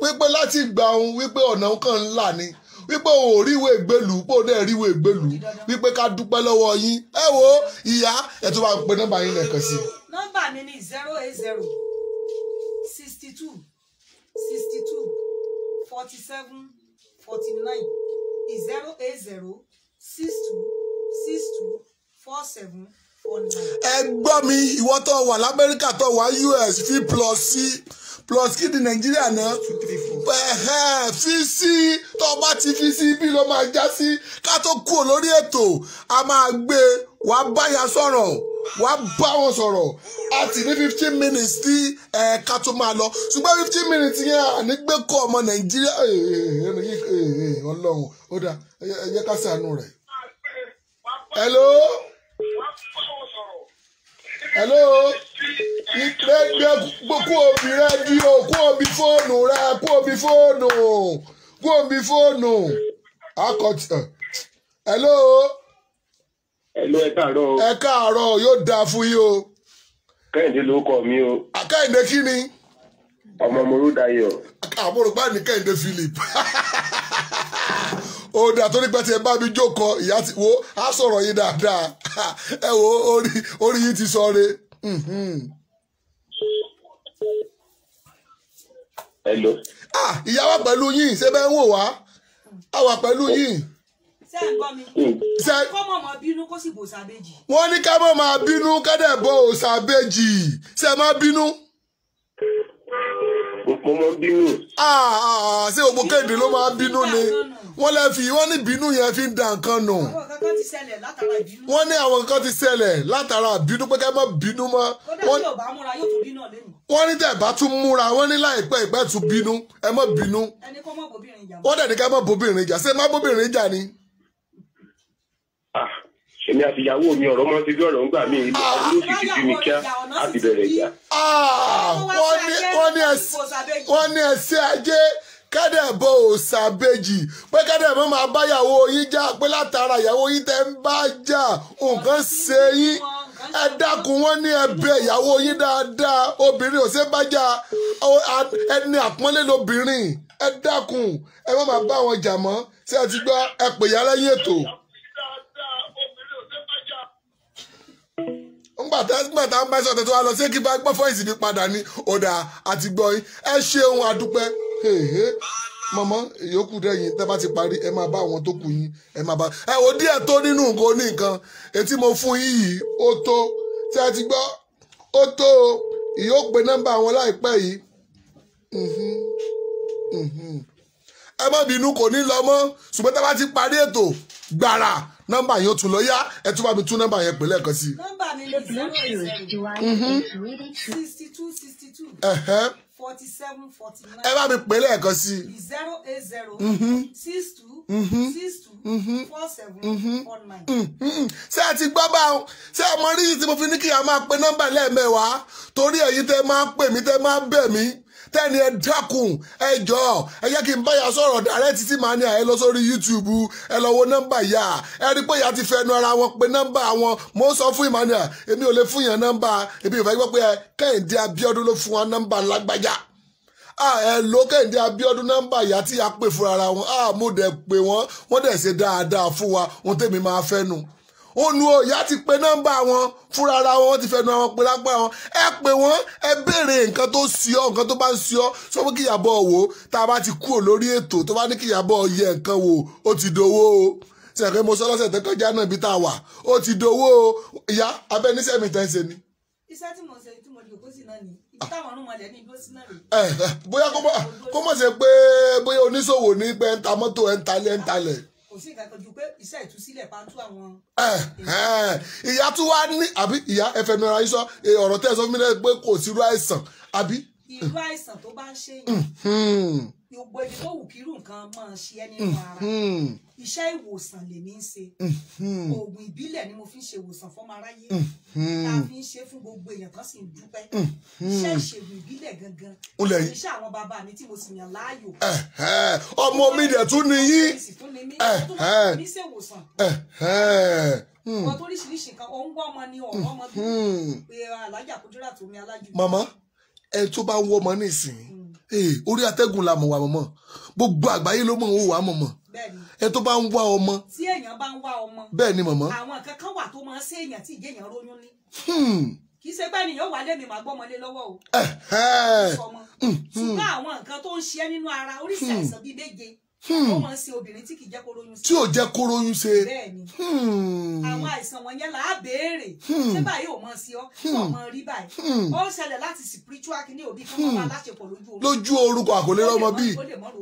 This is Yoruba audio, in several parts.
wípé láti gbà òun wípé ọ̀nà kan ńlá ni wípé ò ríwò ìgbèlú pò náà ríwò ìgbèlú wípé ká dúpẹ́ lọ́wọ́ yín ẹ wo ìyá ẹ tó bá ń pe nọ́mbà yín lẹ́ẹ̀kan sí. nọ́mbà mi ni zero eight zero sixty two sixty two forty seven forty nine is zero eight zero six two six two four seven four nine. ẹ gbọ́ mi ìwọ tó wà lamẹ́ríkà tó wà us fi plus sí. Si plus kí ni nàìjíríà náà ẹ̀hẹ́n fi sí tó o bá ti fi sí bí ló máa já sí ká tó kú lórí ètò a máa gbé wá báyà sọ̀rọ̀ wá bá wọn sọ̀rọ̀ a ti ní fifteen minutes tí ẹ̀ka tó máa lọ ṣùgbọ́n fifteen minutes yẹn àní gbé kọ́ ọmọ nàìjíríà eh, eh, eh, ọlọ́run ó dà ẹ yẹ ká ṣàánú rẹ̀ hello hello kú òbí rẹ́díò kú òbí fóònù rẹ kú òbí fóònù kú òbí fóònù akọ̀tì hello. hello ẹ káàárọ̀ o. ẹ káàárọ̀ yóò dáa fún yín o. kẹ́hìndé ló kọ mi o. kẹ́hìndé kí ni. ọmọ morúdayọ̀. àmúrùgbá ni kẹ́hìndé philip. òdà tó nípa tiẹ̀ bá mi jókòó ìyá ti wo á sọ̀rọ̀ yín dáadáa ẹ wo orí yín ti sọ re. Mhm. Hello. ah ìyá wa pẹ̀lú yín ṣé bẹ́ẹ̀ ń wò wá a wà pẹ̀lú yín. ṣé ẹ gbọ́ mi hmm. kọ́ mọ̀ máa bínú kó sì bò sàbẹ́jì. wọ́n ní ká mọ̀ máa bínú kẹ́dẹ̀ bò sàbẹ́jì ṣé ẹ má bínú mo mọ bínú. Ah, ah, ah, ṣé gbogbo kéde ló máa bínú ni wọ́n lè fi wọ́n ní bínú yẹn fi ń da nǹkan nù. wọ́n ní àwọn kankan ti ṣẹlẹ̀ látara bínú pé kẹ́ mọ́ bínú mọ́. wọ́n ní tẹ̀ bá tún múra wọ́n ní láìpẹ́ ìpẹ́ tún bínú ẹ mọ́ bínú. wọ́n dẹ̀ ní kẹ́ mọ́ bóbìnrin jà ṣé má bóbìnrin jà ni èmi àtìyàwó mi ọ̀rọ̀ máa ń ti bí ọ̀rọ̀ ń gbà mí ìgbà àbúrò sì ti bí mi kíá láti bẹ̀rẹ̀ ìjà. Ah, wọ́n ní ẹsẹ̀ ajé kẹ́dẹ̀ bọ òòsà bèjì pé kẹ́dẹ̀ mọ́ máa báyàwó yín jà pé látara ìyàwó yín tẹ́ ń bá jà nǹkan ṣe yín ẹ dákun wọ́n ní ẹbẹ ìyàwó yín dáadáa obìnrin ò ṣe bá jà ẹni àpọ́nlé lobìnrin ẹ dákun ẹ má máa bá wọn jà mọ́ ṣé ẹ ẹ pè yàrá yín ètò. gbàtà ń bá iṣẹ́ ọ̀tẹ̀ tó wá lọ sí kíkọ́ gbọ́ fọ́ìsì mi padà ní ọ̀dà àti gbọ́yìn ẹ ṣeun àdúpẹ́ mọ̀mọ́ ìyókù dẹ́yìn tẹ́ bá ti parí ẹ máa bá àwọn tó kù yín ẹ máa bá ẹ wò díẹ̀ tó nínú nǹkan oníkan etí mo fún yín yìí ó tó tí a ti gbọ́ ó tó ìyókù nọ́mbà wọn láìpẹ́ yìí ẹ má bínú kò ní lọ mọ́ ṣùgbọ́n tá bá ti parí ètò gbàrà nọ́mbà yẹn ó tún lọ yá ẹ tún bá mi tún nọ́mbà yẹn pè lẹ́ẹ̀kan sí. nọ́mbà mi lè two lẹ́ẹ̀kan sí. Forty-seven, forty-nine. ẹ bá mi pè lẹ́ẹ̀kan sí zero eight zero. Mhm. six two. Mhm. six two. Mhm. four seven. four nine. ṣé ẹ ti gbọ́ bá wọn ṣé ẹ mọ ríyìn tí mo fi ní kí a máa pe nọ́mbà lẹ́ẹ̀mẹ́wàá torí ẹ̀yin tẹ́ máa pè mí tẹ́ máa bẹ̀ mí tẹ́ni ẹ dákun ẹ jọ ẹ jẹ́ kí n bá ya sọ̀rọ̀ dàrẹ́ títí màá ní àyè lọ sórí YouTube ẹ lọ wo nọ́mbà yá ẹ rí pé ìyá ti fẹnu ara wọn pé nọ́mbà wọn mo sọ fún Emmanuel èmi ò lè fún yàn nọ́mbà èmi ò fẹ́ gbọ́ pé ẹ Kẹ́hìndé Abíọ́dún ló fún wọn nọ́mbà lágbájá ẹ ló Kẹ́hìndé Abíọ́dún nọ́mbà ìyá tí a pè fún ara wọn mo dẹ̀ pè wọ́n wọ́n dẹ̀ ṣe dáadáa fún wa ohun tèmi máa fẹ́ onu òyà ti pe nọ́mbà wọn fúnra ara wọn ti fẹnu àwọn pe lágbára wọn ẹ pè wọn ẹ béèrè nǹkan tó sí ọ nǹkan tó bá ń sí ọ sọ pé kíyàbọ̀ wò ó tá a bá ti kúrò lórí ètò tó bá ní kíyàbọ̀ yẹ nǹkan wò ó ti dowó o sẹ̀kẹ́ mo sọ lọ́sẹ̀ tó kọjá náà ibi tá a wà ó ti dowó o ìyá abẹ́ níṣẹ́ mi tẹ́ ń ṣe ni. iṣẹ́ tí mo ṣe tí mo lè kó sí náà ni bóyá kó mọ̀ ṣe pé bóyá oníṣòwò ní pé ń ta mọ́tò ẹ̀ ń talẹ̀ ń talẹ̀ kò sí nǹkan kan ju eh, eh, ìyá tún wá ní àbí ìyá ẹfẹmẹra yìí sọ ọ̀rọ̀ tẹ́ mi náà pé kò sí irú àìsàn àbí. irú àìsàn tó bá ń ṣe yẹn hmm, hmm gbogbo ibi tó wù kírù nǹkan máa ṣe ẹ́ nínú mm-hmm. iṣẹ́ ìwòsàn lèmi ń ṣe mm-hmm. oògùn ìbílẹ̀ ni mo fi ń ṣe ìwòsàn fọ́mọ aráyé mm-hmm. tá fi ń ṣe fún gbogbo èèyàn kan sì ń dúpẹ́ iṣẹ́ ìṣègùn ìbílẹ̀ gangan iṣẹ́ àwọn bàbá mi tí mo sì yàn láàyò. ọmọ mi dẹ̀ tún ni yín mi ṣe ìwòsàn wọn tó hmm. oríṣiríṣi kan òun gbọ́ ọmọ ni ọ̀rọ̀ ọmọ bí hmm. pé alájà kúndúrà tó mi alájú. màmá ẹ tó bá ń wọ́ ọmọ nísìnyí hmm orí atẹ́gùn la mọ̀ wà mọ̀mọ́ gbogbo àgbáyé ló mọ̀ ó wà mọ̀mọ́ ẹ tó bá ń wá ọmọ. tí èèyàn bá ń wá ọmọ. bẹ́ẹ̀ ni mọ̀mọ́. àwọn nǹkan kan wà tó máa ń ṣe èèyàn tí ìjẹyàn ronú ní. Hmm. kì í ṣe pé ènìyàn wà lẹ́mìí máa gbọ́ ọmọlé lọ́wọ́ o. Eh, eh. Hmm, hmm. ṣùgbọ́n àwọn nǹkan tó ń ṣe nínú ara oríṣi àìsàn bíi méje ó hmm. máa ń tí kì í jẹ́ kó ṣe. Hmm. àwọn àìsàn wọ̀nyẹn là á béèrè hmm. ṣé báyìí ò máa ṣe ọ́ ò máa rí báyìí ó ń ṣẹlẹ̀ láti spiritual kìíní òbí kan máa láṣepọ̀ lójú orúkọ. lójú orúkọ àkò rọmọ bí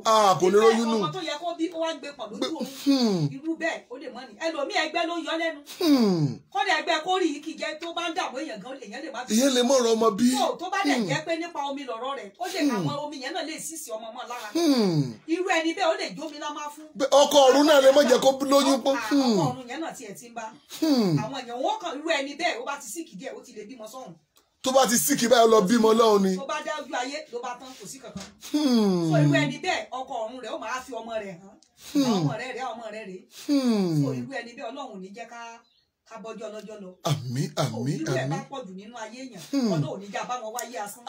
àkò lè nù. ìfẹ́ ọmọ tó yẹ kó bí ó wá gbé pọ̀ lójú orúkọ irú bẹ́ẹ̀ ó lè mọ́ ni ẹlòmíì ẹgbẹ́ ló yọ lẹ́nu. kọ́dà ẹgbẹ́ kórì yìí kì í jẹ́ tó bá ń dààmú èèyàn gan èèyàn lè má bí. ìyẹn lè mọ̀ ọ̀rọ̀ bí. tó bá dẹ̀ ìjómi náà máa fún. ọkọ ọ̀run náà lè má jẹ́ kó lóyún pọ́. ọkọ hmm. ọ̀run yẹn náà tiẹ̀ ti ń bá. Hmm. àwọn èèyàn wọn kàn irú ẹni bẹ́ẹ̀ ó bá ti síkì díẹ̀ ó ti lè bímọ sọ́hùn. tó bá ti síkì báyìí lọ bímọ lọ́hùn ni. tó bá dá ojú ayé ló bá tán kò sí kankan. Hmm. so irú ẹni bẹ́ẹ̀ ọkọ ọ̀run rẹ̀ ó máa fi ọmọ rẹ̀ hàn. ọmọ rẹ̀ rẹ̀ ọmọ rẹ̀ rẹ̀. so irú ẹni bẹ́ẹ̀ ọlọ́run ò ní jẹ́ ká kábọ́jọ́ lọ́jọ́ lọ. Hmm.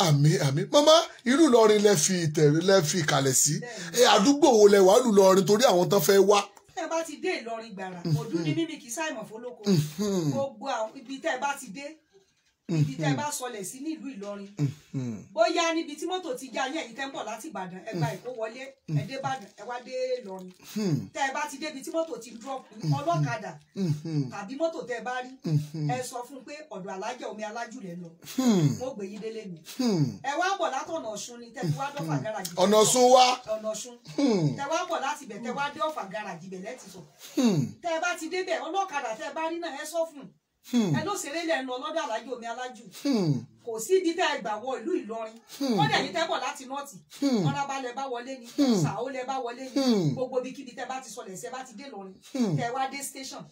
àmín àmín mama irú Ìlọrin lẹ fi tẹ̀rí lẹ fi kalẹ̀ sí àdúgbò wo lẹ wàá lù lọrin torí àwọn tán fẹ́ wá tẹ́ bá ti dé Ìlọrin gbàrà hmm. ọdún ní mímì kì í ṣàìmọ̀ fólókò hmm. gbogbo ibi tẹ́ bá ti dé ibi mhm. tẹ́ bá sọlẹ̀ sí nílùú Ìlọrin mhm. bóyá níbi tí mọ́tò ti já yẹn ẹ̀yin tẹ́ ń bọ̀ láti Ìbàdàn ẹ gba mhm. Èkó wọlé ẹ dé Ìbàdàn ẹ wá dé Ìlọrin hmm. tẹ́ bá ti débi tí mọ́tò ti drop ọlọ́kadà tàbí mọ́tò tẹ́ ẹ bá rí ẹ sọ fún pé ọ̀dọ̀ alájà omi alájù lọ hmm. mo gbé yín délé mi hmm. ẹ wá bọ̀ látọ̀nà Ọ̀ṣun ni tẹ́ ti wá dọ́fà gáràjì ọ̀nà Ọ̀ṣun wá ọ̀nà Ọ̀ṣun tẹ́ wá bọ̀ láti bẹ̀ tẹ́ wá dé ọ̀fà gáràjì bẹ̀ lẹ́tì sọ tẹ́ bá ti débẹ̀ ọlọ́kadà tẹ́ bá rí náà ẹ sọ fún un Hmm. ẹ ló ṣeré lẹ́nu ọlọ́dọ̀ alájò mi alájù hmm kò sí ibi tẹ́ ẹ gbà wọ ìlú Ìlọrin hmm. wọ́n dẹ̀ ní tẹ́bọ̀ láti nọ́ọ̀tì hmm. hmm. ọ̀nàbà lẹ bá wọlé ni ṣàó lẹ bá wọlé ni gbogbo ibikíbi tẹ́ bá ti sọlẹ̀ ṣẹ́ bá ti dé Ìlọrin tẹ́ wá dé station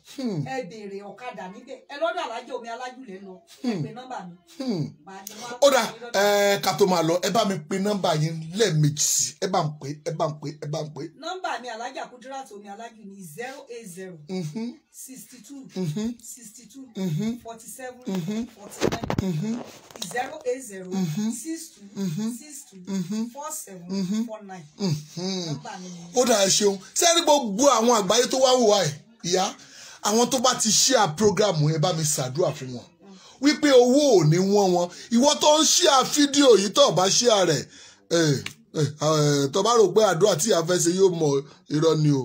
ẹ béèrè ọ̀kadà níbẹ̀ ẹ lọ́dọ̀ alájọ omi alájùlẹ̀ lọ ẹ pe nọ́mbà mi. ó dà ẹ ká tó máa lọ ẹ bá mi pe nọ́mbà yín lẹ́ẹ̀mejì sí ẹ bá ń pè ẹ bá ń pè ẹ bá ń pè. nọ́mbà mi alájà Kudirat ni zero eight zero mm-hmm. sixty two mm-hmm. sixty two mm-hmm. forty seven forty nine zero eight zero six two six two four seven four nine. ó dáa ṣeun sẹ́ni gbogbo àwọn àgbáyé tó wá wò wá ẹ̀ ìyá àwọn tó bá ti share program yẹn bá mi ṣàdúrà fún wọn wípé owó ò ní wọ́n wọn ìwọ tó ń share fídíò yìí tó bá share rẹ̀ tó bá rò pé àdúrà tí ìyá fẹ́ ṣe yóò mọ irọ́ ni o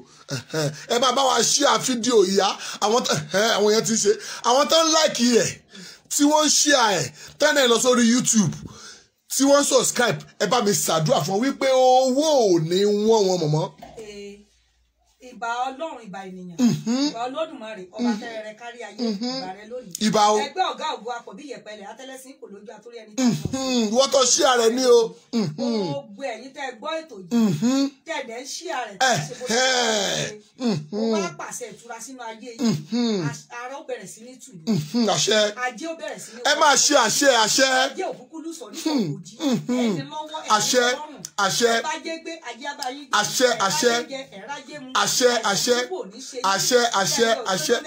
ẹ bá bá wa share fídíò ìyá àwọn yẹn ti ṣe àwọn tó ń láìkì rẹ̀ tí wọ́n ń ṣíà ẹ̀ tẹ́lẹ̀ lọ sórí YouTube tí wọ́n ń subscribe ẹ bá mi ṣàdúrà fún wípé owó ò ní wọ́n wọn mọ̀mọ́. ìbà ọlọ́run ìbà ènìyàn mm-hmm. ìbà olódùmarè ọba mm-hmm. tẹ́rẹ̀ rẹ kárí ayé mm-hmm. ìbà rẹ lónìí ẹgbẹ́ ọ̀gá ògo àkọ́bí yẹpẹlẹ atẹ́lẹ́sìn kò lójú àtórí ẹni tó ń bọ̀. wọ́n tọ́ ṣíà rẹ ní o. gbogbo ẹ̀yin tẹ́ gbọ́ ètò yìí tẹ̀lé ṣíà rẹ tẹ́ ṣe bó ṣe àṣẹ ìtura sínú ayé yìí mm-hmm. ara ó bẹ̀rẹ̀ sí ní tùlù mm-hmm. àṣẹ ajé ó bẹ̀rẹ̀ sí ní. ẹ máa ṣe àṣẹ àṣẹ ajé òkúkú lùsọ̀ nípa mm-hmm. òkú jí ẹni lọ́wọ́ ẹni lọ́rùn àṣẹ àṣẹ àṣẹ àṣẹ àṣẹ àṣẹ àṣẹ àṣẹ àṣẹ àṣẹ àṣẹ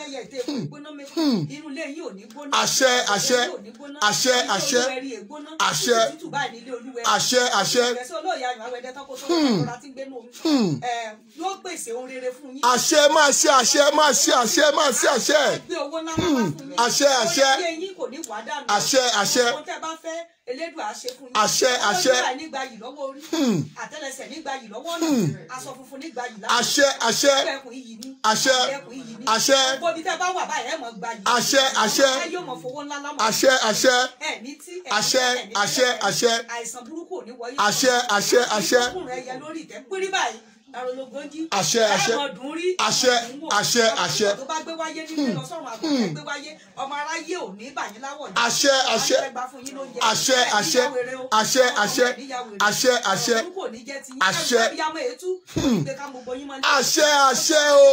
àṣẹ àṣẹ àṣẹ àṣẹ àṣẹ máa ṣe àṣẹ máa ṣe àṣẹ máa ṣe àṣẹ àṣẹ àṣẹ àṣẹ àṣẹ àṣẹ elédùn àṣẹ fún yín àṣẹ àṣẹ olódùmarè nígbà yìí lọ́wọ́ orí hmm. àtẹ́lẹsẹ̀ nígbà yìí lọ́wọ́ ọ̀nà hmm. aṣọ funfun nígbà yìí lọ́wọ́ àṣẹ àṣẹ ẹkùn yìí ni àṣẹ ẹkùn yìí ni àṣẹ gbogbo ibi tẹ́ bá wà báyìí ẹ mọ̀ gbà yìí àṣẹ àṣẹ ẹ yóò mọ̀ fowó ńlá lọ́mọ àṣẹ àṣẹ ẹ ní tí ẹ àṣẹ àṣẹ àṣẹ àìsàn burúkú ò ní wọlé àṣẹ àṣẹ àṣẹ Hmm, hmm. àṣẹ àṣẹ àṣẹ àṣẹ àṣẹ àṣẹ àṣẹ àṣẹ àṣẹ àṣẹ hmm. àṣẹ àṣẹ àṣẹ àṣẹ àṣẹ àṣẹ o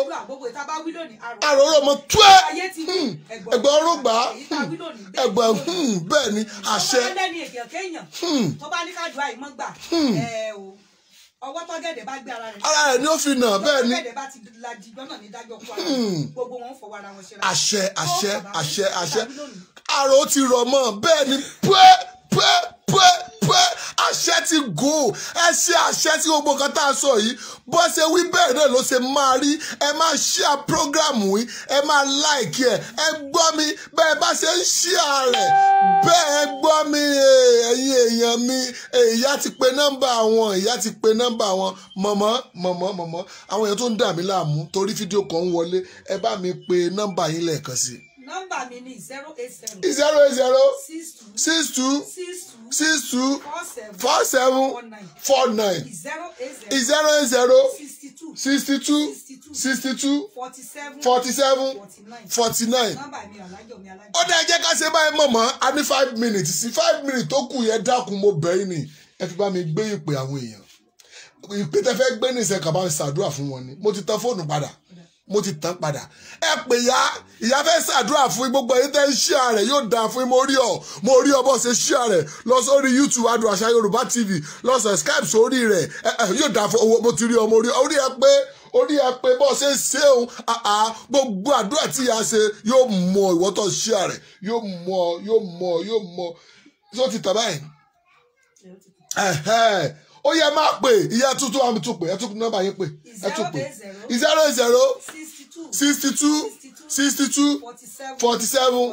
àròrò mo tú ẹ ẹgbẹ ọrọgbà ẹgbẹ bẹ́ẹ̀ ni àṣẹ. tó bá ní ká ju àìmọ́ gbà ẹ o ọwọ́ tọ́gẹ̀dẹ̀ bá gbé ara rẹ̀. ara rẹ̀ ni ó fi nà bẹ́ẹ̀ ni. tọ́gẹ̀dẹ̀ bá ti la jìgbọ́n náà ní dájọ́ kó hmm. gbogbo wọn fọwọ́ ara wọn ṣe ra. àṣẹ àṣẹ àṣẹ àṣẹ àrò ti rọ̀ mọ́ bẹ́ẹ̀ ni pé pé pé pé àṣẹ ti gùn ẹ ṣe àṣẹ tí gbogbo nǹkan tá a sọ yìí bó ṣe wí bẹ́ẹ̀ náà ló ṣe máa rí ẹ máa share program yìí ẹ máa like ẹ ẹ gbọ́ mi bẹ́ẹ̀ bá ṣe ń share rẹ̀ bẹ́ẹ̀ gbọ́ mi ẹ̀yin èèyàn mi ìyá ti pe nọ́mbà wọn ìyá ti pe nọ́mbà wọn mọ̀mọ́ mọ̀mọ́ mọ̀mọ́ àwọn èèyàn tó ń dà mí láàmú torí fídíò kan ń wọlé ẹ bá mi pe nọ́mbà yín lẹ́ẹ̀kan sí i nọ́mbà mi ni zero eight zero. zero eight zero. six two. six two. six two. six two. four seven. four nine. four nine. zero eight zero. zero eight zero. sixty two. sixty two. sixty two. forty seven. forty seven. forty nine. nọ́mbà mi alájọ mi alájọ. ó dá ẹ jẹ́ ká ṣe báyìí mọ̀mọ́ a ní five minutes sí five minutes tó kù yẹn dákun mo bẹ̀ yín ni ẹ fi bá mi gbé ìpè àwọn èèyàn ìpè tẹ gbé nìṣẹ́ kàbá ṣàdúrà fún wọn ni mo ti tẹ fóònù padà. Okay mo ti tán padà ẹ pè ya ìyá fẹ́ ṣàdúrà fún gbogbo ẹ̀yin tẹ́ ń ṣíà rẹ̀ yóò dáa fún mo rí ọ mo rí ọ bó ṣe ṣíà rẹ̀ lọ sórí youtube Adùn Àṣà Yorùbá TV lọ subscribe sórí rẹ̀ yóò dáa fún owó mo ti rí ọ mo rí ọ orí ẹ pé orí ẹ pé bó ṣe ń ṣe òun gbogbo àdúrà tí ìyá ṣe yóò mọ ìwọ tó ṣíà rẹ̀ yóò mọ yóò mọ yóò mọ tó ti tàn báyìí ó yẹ máa pè ìyá tuntun àmì tún pè ẹ tún nọ́mbà yín pè ẹ tún pè zero zero sixty two sixty two forty seven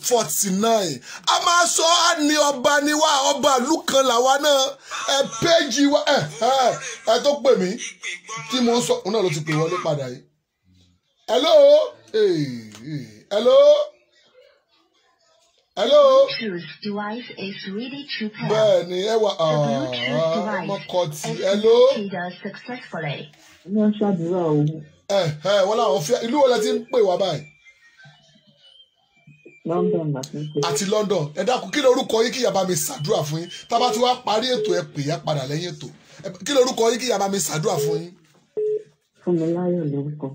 forty nine a máa sọ á ní ọba ni wá ọba ìlú kan làwa náà ẹ péjì wá ẹ ẹ tó pè mí tí mo ń sọ òun náà ló ti pè wọlé padà yìí hello hello hello. bẹ́ẹ̀ ni ẹ wà ah, ah, ọmọkọ tí hello. wọ́n ṣàdúrà o. ẹ eh, ẹ eh, wọ́n láwọn fi ìlú wo lẹ ti ń pè wá báyìí. London àti London ẹ dákun kí lorúkọ yín kí yàrá mi ṣàdúrà fún yín tá a bá ti wá parí ètò ẹ pè é padà lẹ́yìn ètò kí lorúkọ yín kí yàrá mi ṣàdúrà fún yín. Fúnmiláyọ̀ lorúkọ.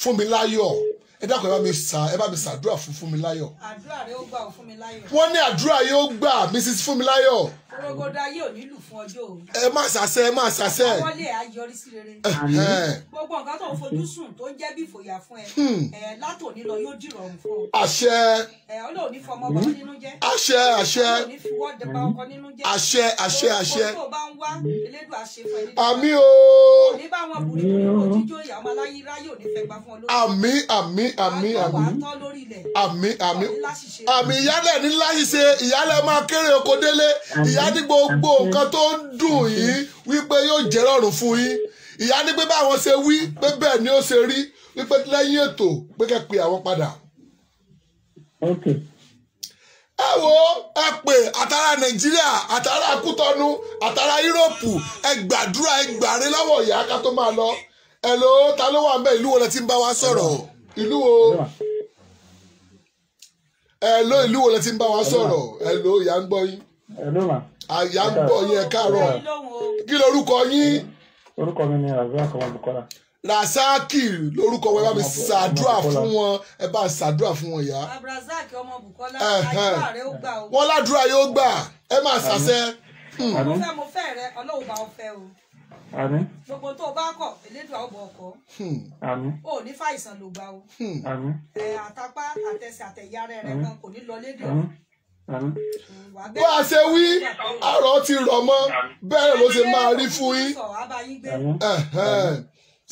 Fúnmiláyọ̀ ẹ dákun ẹ bá mi sà ẹ bá mi sàdúrà fún Fúnmiláyọ̀. àdúrà rẹ ó gbà ó Fúnmiláyọ̀. wọ́n ní àdúrà yóò gbà Mrs Fúnmiláyọ̀. orogodo ayé ò nílù fún ọjọ́ òru. ẹ má sàṣẹ ẹ má sàṣẹ. àwọlé ẹ á yọrí sí rere. gbogbo nǹkan tó ń fojú sùn tó ń jẹ́ bí ìfòyà fún ẹ hmm. látòní lọ yóò dìrọ̀ ọ̀hún fún ọ. àṣẹ. ẹ olóòní fọmọ ọkọ nínú jẹ́. àṣẹ àṣẹ. olóòní fi wọ́ọ̀dẹ̀ bá ọkọ nínú jẹ́. àṣẹ àṣẹ àṣẹ wá mm-hmm. àmì o. òní bá wọn bù nínú òjíjó ìyàwó àmì àmì àmì àmì àmì àmì àmì ìyálẹ̀ ní láṣìṣe ìyálẹ̀ máa kéré oko délé ìyá ní gbogbo nǹkan tó ń dùn yìí wípé yóò jẹ́ rọrùn fún yín ìyá ní pé báwọn ṣe wí pé bẹ́ẹ̀ ni ó ṣe rí wípé lẹ́yìn ètò pé kẹ́ pe àwọn padà ẹ wo ẹ pè àtàrà nàìjíríà àtàrà kútọnu àtàrà yúròpù ẹ gbàdúrà ẹ gbàre lọ́wọ́ ìyá ká tó máa lọ ẹ ló ta ló wà ńbẹ̀ ìlú wo lẹ ti ń bá wa sọ̀rọ̀ ìlú wo ẹ ló ìlú wo lẹ ti ń bá wa sọ̀rọ̀ ẹ ló ìyá ń gbọ́ yín àyà ah, ń gbọ́ yín ẹ káàárọ̀ kí lorúkọ yín. orúkọ mi ni razak ọmọ bukola rasaki lórúkọ wọn ẹ bá mi ṣàdúrà fún wọn ẹ bá ṣàdúrà fún wọn yá. abrazak ọmọ bukola àdúrà rẹ ó gbà o. wọn ládùúrà yóò gbà ẹ máa ṣàṣẹ. Hmm. mo fẹ́ mo fẹ́ rẹ ọlọ́run bá ọ fẹ́ o. Àmín. Gbogbo tó o bá kọ̀, Elédùà ó bọ̀ ọkọ̀. Hmm. Àmín. O ò ní fàìsàn ló gbà o. Hmm. Àmín. Ẹ àtapá àtẹsẹ̀ àtẹ̀yára rẹ̀ kan kò ní lọ lédè o. Àmín. Bó a ṣe wí, àrò ti rọ̀ mọ́, bẹ́ẹ̀ ló ṣe máa rí fún yín. Àmín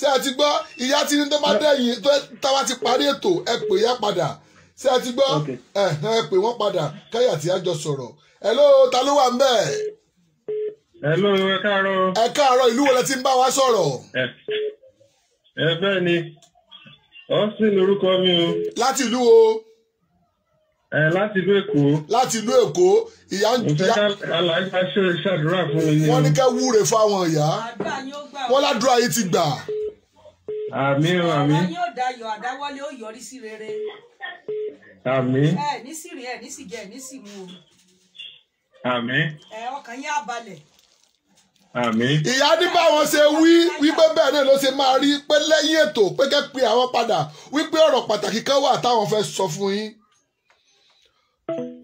ṣé ẹ ti gbọ́ ìyá tí ní tó bá dẹ̀yìn tó táwa ti parí ètò ẹ pè yá padà ṣé ẹ ti gbọ́ ẹ pè wọ́n padà káyà tí a jọ sọ̀rọ̀ hello ta ló wà ń bẹ̀. hello ẹ káàárọ̀. ẹ káàárọ̀ ìlú wo lẹ ti ń bá wa sọ̀rọ̀. ẹ bẹ́ẹ̀ ni Austin lorúkọ mi o. láti ìlú wo. ẹ láti ìlú Èkó. láti ìlú Èkó ìyá ń jẹ. aláìsá ṣe ṣàdúrà fún mi ni. wọ́n ní ká wúre fáwọn ìyá wọ́n ládùúrà yìí ti gbà àmín o àmín. ọ̀rọ̀ yóò dayọ̀ àdáwọ́lé ó yọrí sí rere. àmín. ẹ ní sìrì ẹ ní sìgẹ ní sìmú o. àmín. ẹ ọkàn yá balẹ̀. àmín. ìyá ní báwọn ṣe wí wípé bẹ́ẹ̀ náà ló ṣe máa rí pé lẹ́yìn ètò pé kẹ́ àwọn padà wípé ọ̀rọ̀ pàtàkì kan wà táwọn fẹ́ sọ fún yín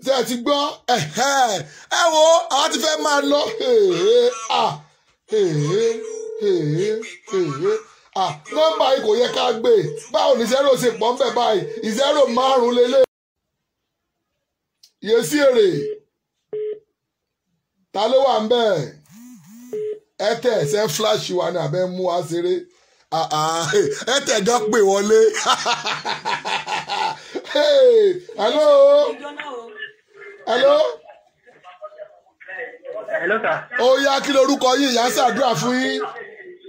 ṣe ti gbọ́ ẹ wo àwọn ti fẹ́ máa lọ nọ́mbà yìí kò yẹ ká gbé báwo ni zero ṣe pọ̀ ń báyìí zero márùn-ún lélẹ̀ yé sí èrè ta ló wà ń bẹ̀ ẹ tẹ̀ ẹ̀sẹ̀ flash wa ni àbẹ́ mú wa ṣeré ẹ tẹ̀ jọ pè wọlé hello hello. hello sir. ó yá kí lorúkọ yìí ìyá ṣàdúrà fún yín.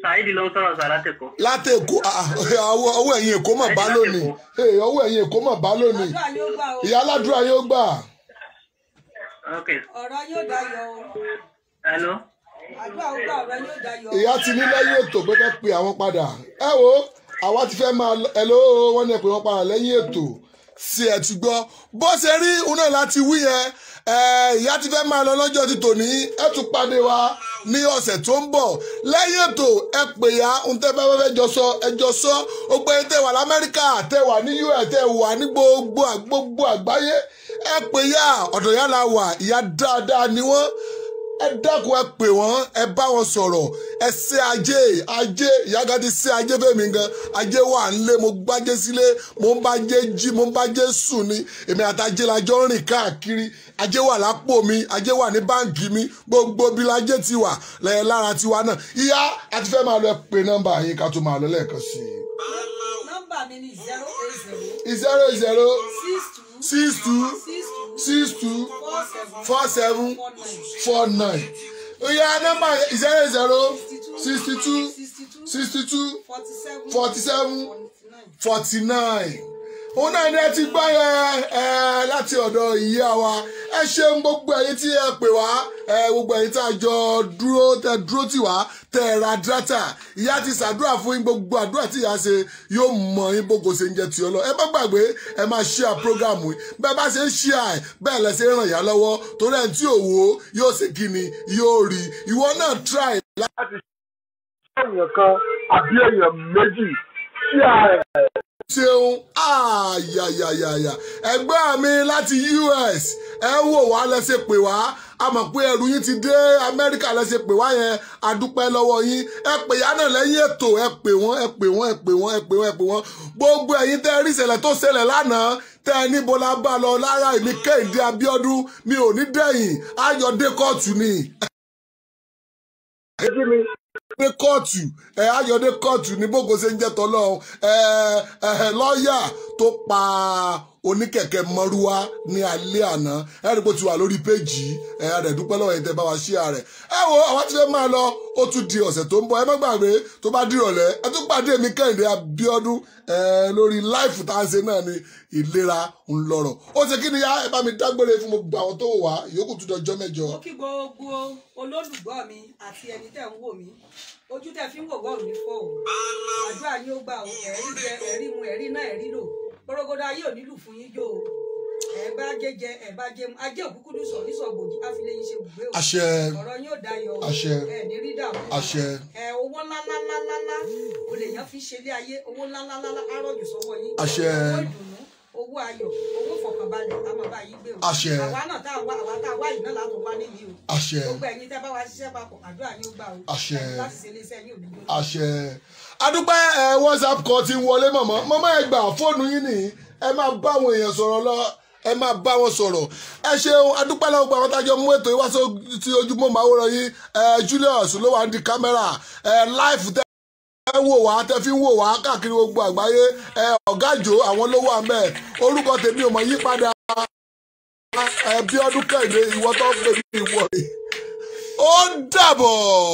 Saheed ló ń sọ̀rọ̀ sọ látẹ̀kọ́. látẹ̀kọ́ ah, ah, eh, ọwọ́ ẹ̀yìn èkó mà bá lónìí eh, ọwọ́ ẹ̀yìn èkó mà bá lónìí ìyá aládùúrà yóò gbà. ọ̀rọ̀ yóò dayọ̀ o. ìyá ti ní lẹ́yìn ètò pé ká pe àwọn padà ẹ wo àwa ti fẹ́ máa ẹ lóò wọ́n ní ẹ pé wọ́n padà lẹ́yìn ètò. sí ẹ ti gbọ́ bó ṣe rí ya láti wí yẹn ìyá ti fẹ́ máa lọ lọ́jọ́ ti tòní ẹ tún ní ọ̀sẹ̀ tó ń bọ̀ lẹ́yìn ètò ẹ pè ya ń tẹ́ bá fẹ́ jọ sọ sọ ó pé tẹ́ wà lamẹ́ríkà tẹ wà ní us tẹ wà ní gbogbo àgbáyé ẹ pè ya ọ̀dọ̀ yà wà ìyá dáadáa ni ẹ dákun ẹ pè wọ́n ẹ bá wọn sọ̀rọ̀ ẹ ṣe ajé ajé ìyágádí ṣe ajé fẹ́mi gan ajé wà nílé mo gbájé sílé mo ń bájé jí mo ń bájé sùn ni èmi àtàjé lajọ ń rìn káàkiri ajé wà lápò mi ajé wà ní báǹkì mi gbogbo bí lajé ti wà lẹ́yìn lára tiwa náà ìyá àti fẹ́ máa lọ ẹ pè nọ́mbà yín ká tó máa lọ lẹ́ẹ̀kan sí i. nọ́mbà mi ni zero eight zero. zero zero. six two six two six two four seven four nine oya oh, nọ́mbà zero zero sixty two sixty two forty seven forty nine òun náà ni ẹ ti gbọ́ yẹn ẹ láti ọ̀dọ̀ ìyá wa ẹ ṣeun gbogbo ẹ̀yin tí ẹ pè wá ẹ gbogbo ẹ̀yin tí a jọ dúró tẹ dúró tì wá tẹ ra dátà ìyá ti ṣàdúrà fún yín gbogbo àdúrà tí ìyá ṣe yóò mọ yín bó kò ṣe ń jẹ tì ọ lọ ẹ má gbàgbé ẹ máa share program yìí bẹ́ẹ̀ bá ṣe ń share bẹ́ẹ̀ lẹ ṣe ń ràn yá lọ́wọ́ torí ẹni tí ò yóò ṣe kí ni yóò rí ìwọ náà try láti ṣe èèyàn kan àbí èèyàn méjì ṣeun àyàyàyàyà ẹgbẹ́ mi láti US ẹ wò wá lẹ́sẹ̀ pè wá a mọ̀ pé ẹrù yín ti dé Amẹ́ríkà lẹ́sẹ̀ pè wá yẹn a dúpẹ́ lọ́wọ́ yín ẹ pè yá náà lẹ́yìn ètò ẹ pè wọ́n ẹ pè wọ́n ẹ pè wọ́n ẹ pè wọ́n ẹ pè wọ́n gbogbo ẹ̀yin tẹ́ rí ìṣẹ̀lẹ̀ tó ṣẹlẹ̀ lánàá tẹ́ ẹ níbo la bá lọ lára èmi Kẹ́hìndé Abíọ́dún mi ò ní dẹ̀yìn ayọ̀dé kóòtù ni dé kóòtù ẹ ayọ̀dé kóòtù ní bógo ṣe ń jẹ́ tọ́lọ́ ẹ lọ́ọ̀yà tó pa oníkẹ̀kẹ́ mọ́rúwá ní alẹ́ àná ẹ rí bó ti wà lórí péjì ẹ rẹ̀ dúpẹ́ lọ́wọ́ yẹn bá wa ṣí ààrẹ ẹ wo àwọn tí fẹ́ máa lọ ó tún di ọ̀sẹ̀ tó ń bọ̀ ẹ má gbàgbé tó bá dìrọ̀lẹ́ ẹ tún pàdé mi Kẹ́hìndé Abíọ́dún ẹ lórí láìfù tá à ń ṣe náà ni ìlera ń lọ́rọ̀ ó ṣe kí ni yá ẹ bá mi dágbére fún gbogbo àwọn tó wà yòókù tún dọjọ́ mẹ́jọ. mo kí gbogbo olólùgbọ́ mi àti ẹni tẹ́ ń wò mí ojú tẹ fi ń wò wọ́ọ̀ ní fọ́ o àdúrà yín ó gbà o ẹ̀rí jẹ ẹ̀rí mu ẹ̀rí náà ẹ̀rí lò gbọ́dọ̀gbọ́dọ̀ ayé ò nílù fún yín jó o ẹ̀ bá jẹ jẹ bá jẹ mu ajé òkúkú ní sọ ní sọ̀gbòdì àfilẹ̀ ṣe bùgbé o àṣẹ ọ̀rọ̀ yín ò o ẹ̀ ní rí dààmú àṣẹ ẹ̀ owó ńláńláńláńlá o lè yàn fi ṣe ilé ayé owó ńláńláńlá arọ́jù sọ́wọ́ yín àṣẹ owó ìdùnnú owó ayọ̀ owó fọkànbalẹ̀ àmọ́ bá yí gbé o àṣẹ àwa àṣẹ àṣẹ àṣẹ adúpẹ́ ẹ whatsapp kan ti wọlé mọ̀mọ́ mọ́mọ́ ẹ gbà fóònù yín nìyí ẹ máa bá àwọn èèyàn sọ̀rọ̀ lọ ẹ máa bá wọn sọ̀rọ̀ ẹ ṣeun adúpẹ́ lọ́wọ́ gba àwọn tájọ mú ètò ìwá sí ojúmọ́ màwòrán yín Julius ló wà ní kámẹ́rà Life. tẹ́ ẹ wò wá tẹ́ fi ń wò wá káàkiri gbogbo àgbáyé ọ̀gájò àwọn ló wà mẹ́ẹ̀ orúkọ tèmi ò mọ̀ yípadà ẹbí ọdún kẹ̀lé ìwọ tó ń pè ní ìwọ ó dàbọ̀.